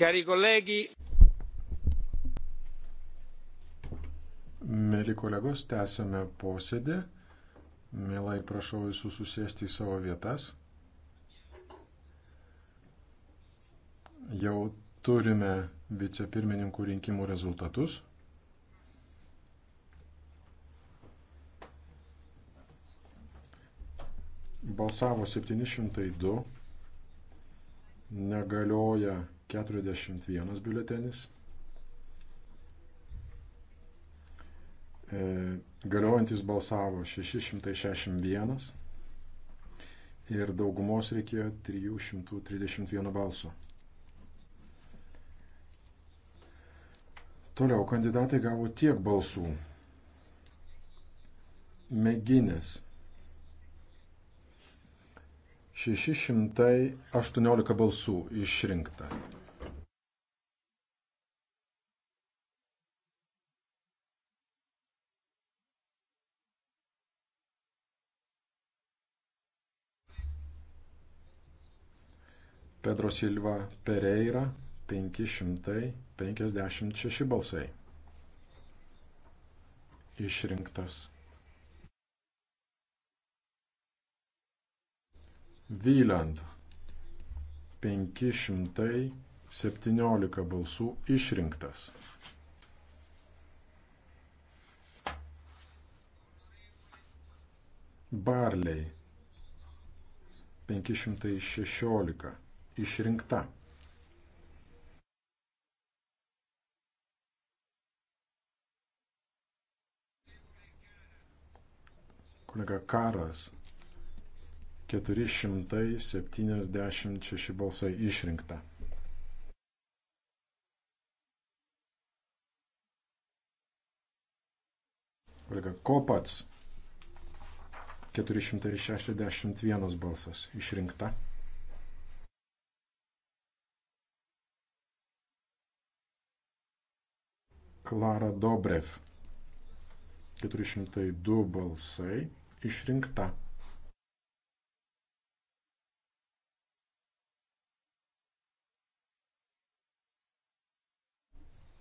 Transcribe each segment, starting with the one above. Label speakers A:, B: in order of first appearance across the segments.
A: Cari colleghi. Mėly kolegos, tęsėme posėdį. Mielai prašau visų susėsti į savo vietas. Jau turime vicepirmininkų rinkimų rezultatus. Balsavo 702, negalioja 41 biuletenis. E, galiojantis balsavo 661 ir daugumos reikėjo 331 balso. Toliau kandidatai gavo tiek balsų. Meginės 618 balsų išrinkta. Pedro Silva Pereira 556 balsai. Išrinktas. Vyland 517 balsų išrinktas. Barley 516 išrinkta. Kolega Karas 476 balsai išrinkta. Kolega Kopats 461 balsas išrinkta. Klara Dobrev. 402 balsai išrinkta.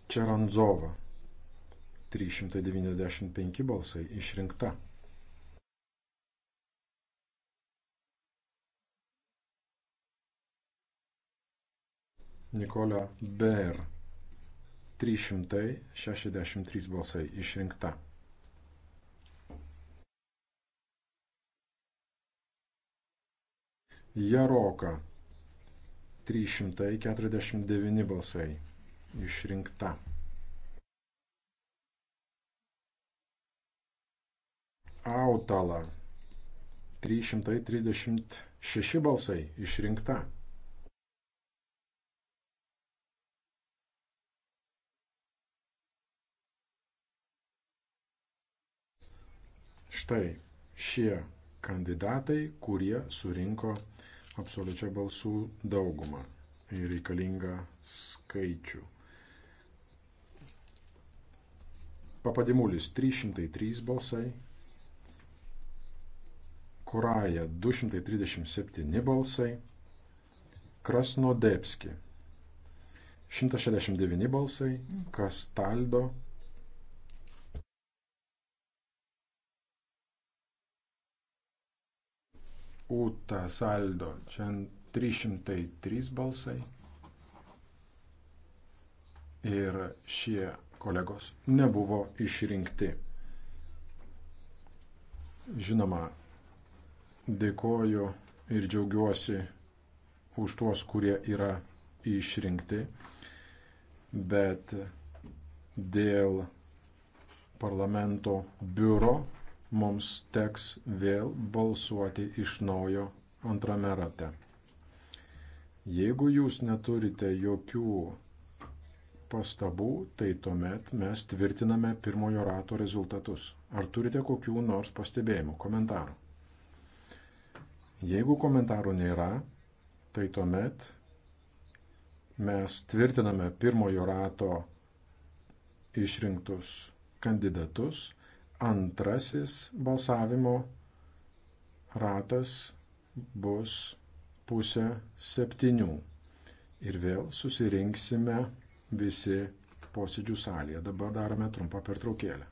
A: Čeranzova. 395 balsai išrinkta. Nikola Ber. 363 balsai išrinkta. Jaroka 349 balsai išrinkta. Autala 336 balsai išrinkta. Štai šie kandidatai, kurie surinko absoliučią balsų daugumą ir reikalingą skaičių. Papadimulis 303 balsai, Kuraja 237 balsai, Krasnodepski 169 balsai, Kastaldo Uta Saldo. Čia 303 balsai. Ir šie kolegos nebuvo išrinkti. Žinoma, dėkoju ir džiaugiuosi už tuos, kurie yra išrinkti, bet dėl parlamento biuro mums teks vėl balsuoti iš naujo antrame rate. Jeigu jūs neturite jokių pastabų, tai tuomet mes tvirtiname pirmojo rato rezultatus. Ar turite kokių nors pastebėjimų, komentarų? Jeigu komentarų nėra, tai tuomet mes tvirtiname pirmojo rato išrinktus kandidatus Antrasis balsavimo ratas bus pusę septynių. Ir vėl susirinksime visi posėdžių salėje. Dabar darome trumpą pertraukėlę.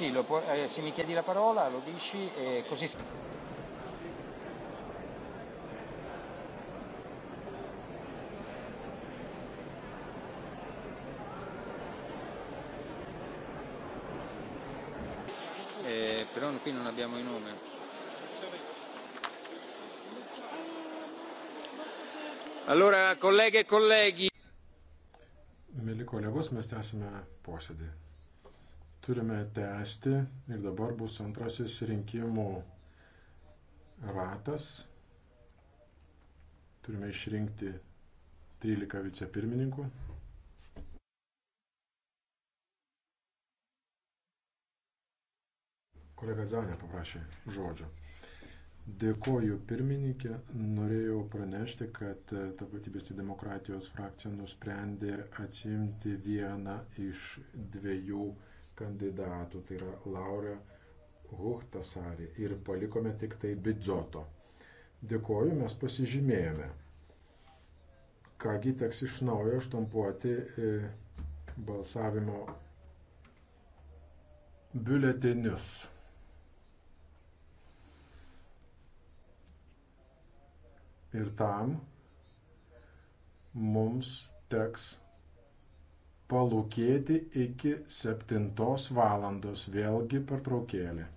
A: sì, lo, eh, se mi chiedi la parola lo dici e così. Eh, però qui non abbiamo i nomi. Allora, colleghe e colleghi. Mėly kolegos, mes tęsime posėdį turime tęsti ir dabar bus antrasis rinkimų ratas. Turime išrinkti 13 vicepirmininkų. Kolega Zanė paprašė žodžio. Dėkoju pirmininkė, norėjau pranešti, kad tapatybės ir demokratijos frakcija nusprendė atsimti vieną iš dviejų kandidatų, tai yra Laura Huhtasarė ir palikome tik tai Bidzoto. Dėkoju, mes pasižymėjome. Kągi teks iš naujo štampuoti e, balsavimo biuletenius. Ir tam mums teks palūkėti iki 7 valandos, vėlgi pertraukėlė.